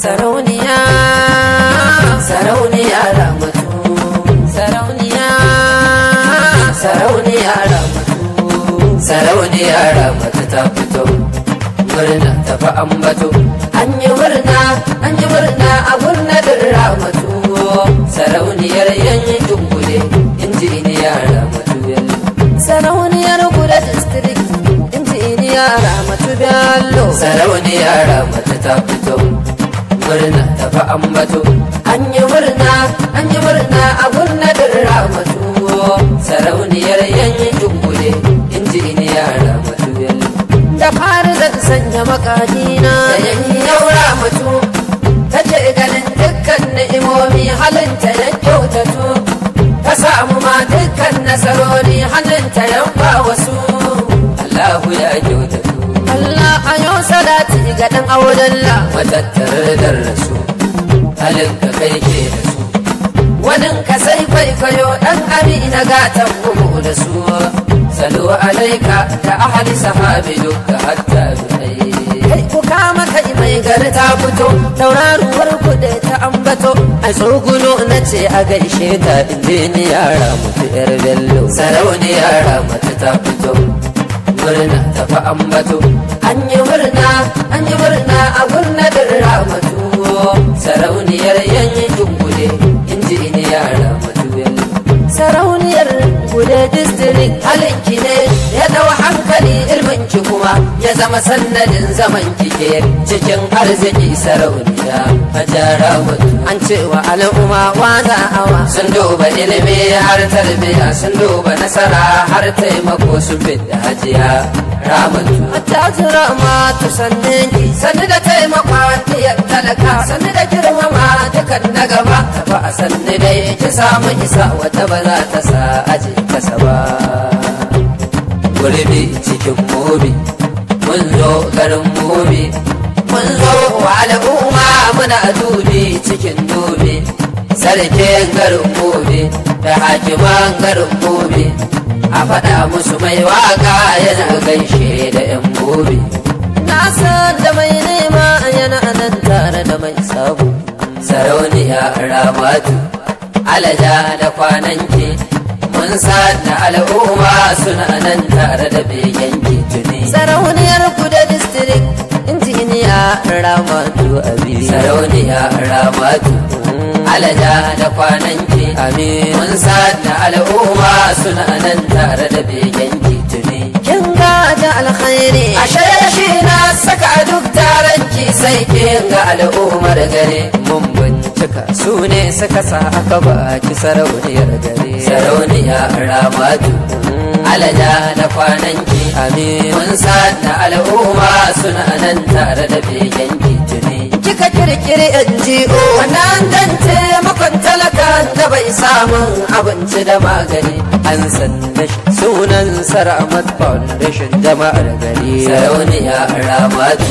sarauniya sarauniya mutu sarauniya sarauniya mutu sarauniya mutu ta fito murna ta fa bato an yi murna an yi murna a murnar ramatu sarauniyar yanyin ni injiniya ramatu bello sarauniyar kula district injiniya ramatu bello sarauniyar ramatu ta fito murna tafi an batu an yi murna an yi murna a gunna dirra mutu sarauniyar yanyin dunkule in ji ni yara yalli da fara zan sanya makaji ga ɗan la. Matattar da rasu halin ka kai ke da su wanin ka sai kwaikwayo ɗan amina gatan gugu da su salo alaika da ahali sahabi duka hatta kai ku kama kai mai gari ta fito tauraruwar ku da ta ambato a tsogulo na ce a gaishe ta yara mutu yar bello yara mutu ta fito murna tafi ambatu an yi murna an yi murna a gurnatin ramatu sarauniyar yanyi jungude in ji ya yara matuwin sarauniyar gure district halinki ne ya dawo hankali ilmin ki ya zama sannanin zaman kike cikin arziki sarauniya hajarawa an cewa al'umma waza awa sun duba ilimi har tarbiya sun duba nasara har taimako su fidda hajiya ramatu attajira ma tu sannin ki sanni da taimakwa ya talaka sanni da girmama dukan na gaba ba a sanni dai ki samu isa wata ba za ta sa aji kasa ba gurbi cikin mobi mun zo garin bobe mun zo wa al'umma muna dubi cikin dubi sarkin garin bobe da hakiman garin bobe a faɗa musu mai waka yana gaishe da yan bobe nasar da mai nema yana nan tare da mai sabu sarauniya ramatu alaja da kwananke mun sa da al'umma suna nan tare da begen tuni sarauniyar kuda district injiniya ramatu abi sarauniya ramatu alaja da kwanan amin mun sa da al'umma suna nan tare da begenki alkhairi a shi na saka duk taranki sai ke ga al'umar gare mun bincika su ne suka sa aka baki sarauniyar gare sarauniya ramadu mm. alaja da kwanan ki amin mun sa da al'umma suna nan tare da begen ki kika kirkiri NGO nan da bai samun abinci da magani an sanda sunan saramat foundation jama'ar gari sarauniya ramadu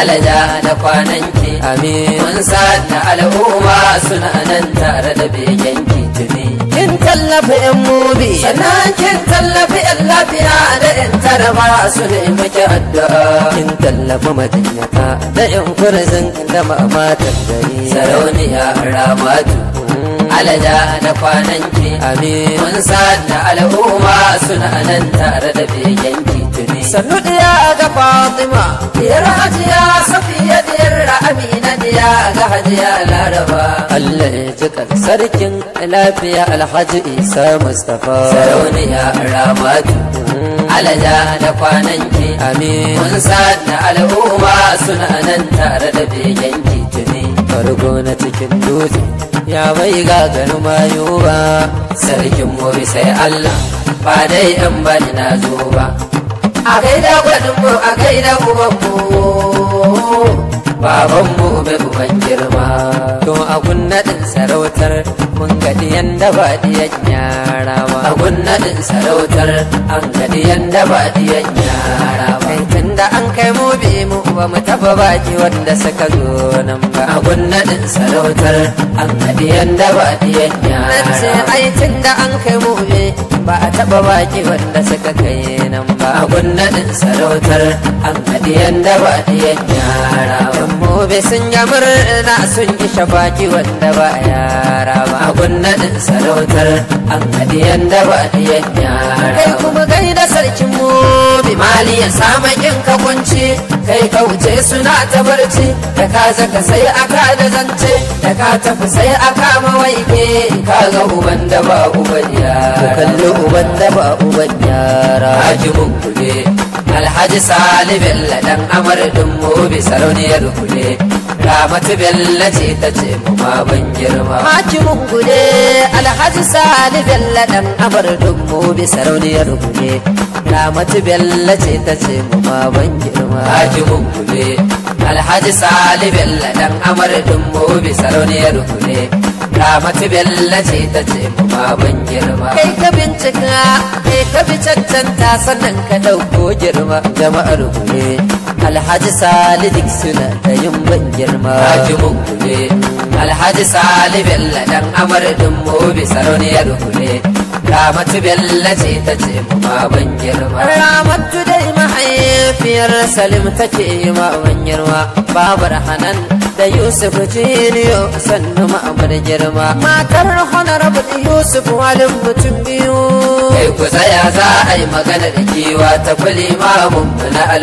alaja da kwanan ki amin mun da al'umma suna nan tare da begen ki tuni kin tallafi yan mubi sannan kin tallafi yan lafiya da yan taraba su ne miki addu'a kin tallafa madinyata da yan kurzin da mamatar gari sarauniya ramadu alaja na kwanan ki Amin. san da al'umma suna nan tare da begen ki tuni sannu diya ga fatima diyar hajiya safiya diyar amina diya ga hajiya laraba allah ya ji sarkin lafiya alhaji isa mustapha sarauniya ramatu mm. alaja da kwanan ki amin san da al'umma suna nan tare da begen ki tuni farko na cikin dutse ya bai gagarin mayu ba sarkin mori sai Allah ba dai dan bani na zo ba a gaida gwadin mu a kai uban mu baban mu bai kuban girma to a kunnaɗin sarautar mun gadi yanda ba diyan yara ba a kunnaɗin sarautar an gadi yanda ba diyan yara da an kai mu bi mu ba mu taba baki wanda suka zo nan ba a din sarautar an haɗi yanda ba ɗiyan yara nan ai tun da an kai mu bi ba a taba baki wanda suka kai nan ba a din sarautar an haɗi yanda ba diyan yara ba. mu bi sun yi murna sun yi shafaki wanda ba yara ba a din sarautar an haɗi yanda ba diyan yara kai kuma gaida sarkin mu bi mali ya samu in ka kunce kai ka wuce suna ta barci da ka zaka sai aka da zance da ka tafi sai aka mawaike ka ga uban da ba uban yara kalli uban da ba uban yara haji mun alhaji salibin ladan amardin mu bi sarauniyar kule ramatu bella ce ta ce mu ma ban girma haji mun alhaji Salim, ladan amardin mu bi sarauniyar kule ramatu bello ce ta ce mu ma ban girma haji alhaji sali bello dan amar dumbo bi sarauniyar ce ta ce mu ma ban girma kai ka bincika kai ka bi cancanta sannan ka dauko girma jama'ar gule alhaji sali dik suna yin ban girma haji alhaji sali dan amar bi ramatu Bello ce ta ce mu baban girma ramatu dai mahaifiyar salim ta ce baban girma babar hanan da Yusuf Tiliyo sannu ma'amar girma. Matar Honorable Yusuf Walin mutum biyu. Kai ku tsaya za a yi maganar kiwa ta kuli mamun na Ta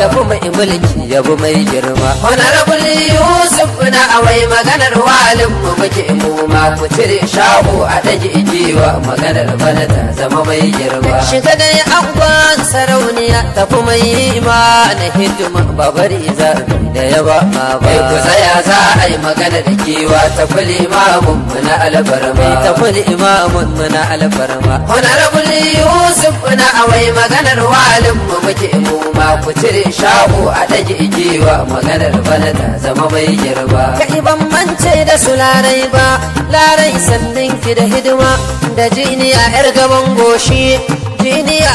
Tafi mai mulki fi mai girma. Honorable Yusuf na awai maganar walin mu muke ma ku cire shago a daji kewa maganar bana ta zama mai girma. Shiga ya abuwa sarauniya tafi mai ma na hidima babari za da yaba ma ba. ku tsaya za a yi magana da kewa ta fuli imamun muna alfarma ta imamun muna alfarma honorable yusuf muna awai maganar walin mu muke kuma ku cire shago a ɗage igewa maganar bana ta zama mai girba kai ban mance da su larai ba larai sannan ki da hidima da jini a yar gaban goshi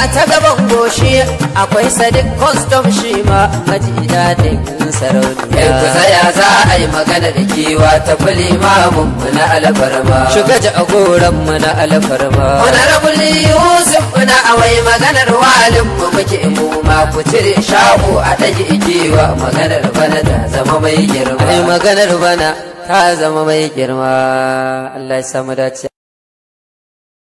ta gaban goshi akwai sadik custom shi ma kaji daɗin sarauniya. Ya eh, ku tsaya za a yi maganar kewa ta fili ma mu na alfarma. Shiga jagoran mu na alfarma. Muna rabuli Yusuf muna awai maganar walin mu muke mu ma ku cire shago a ɗage kiwa maganar bana ta zama mai girma. Ai maganar bana ta zama mai girma. Allah ya samu dace.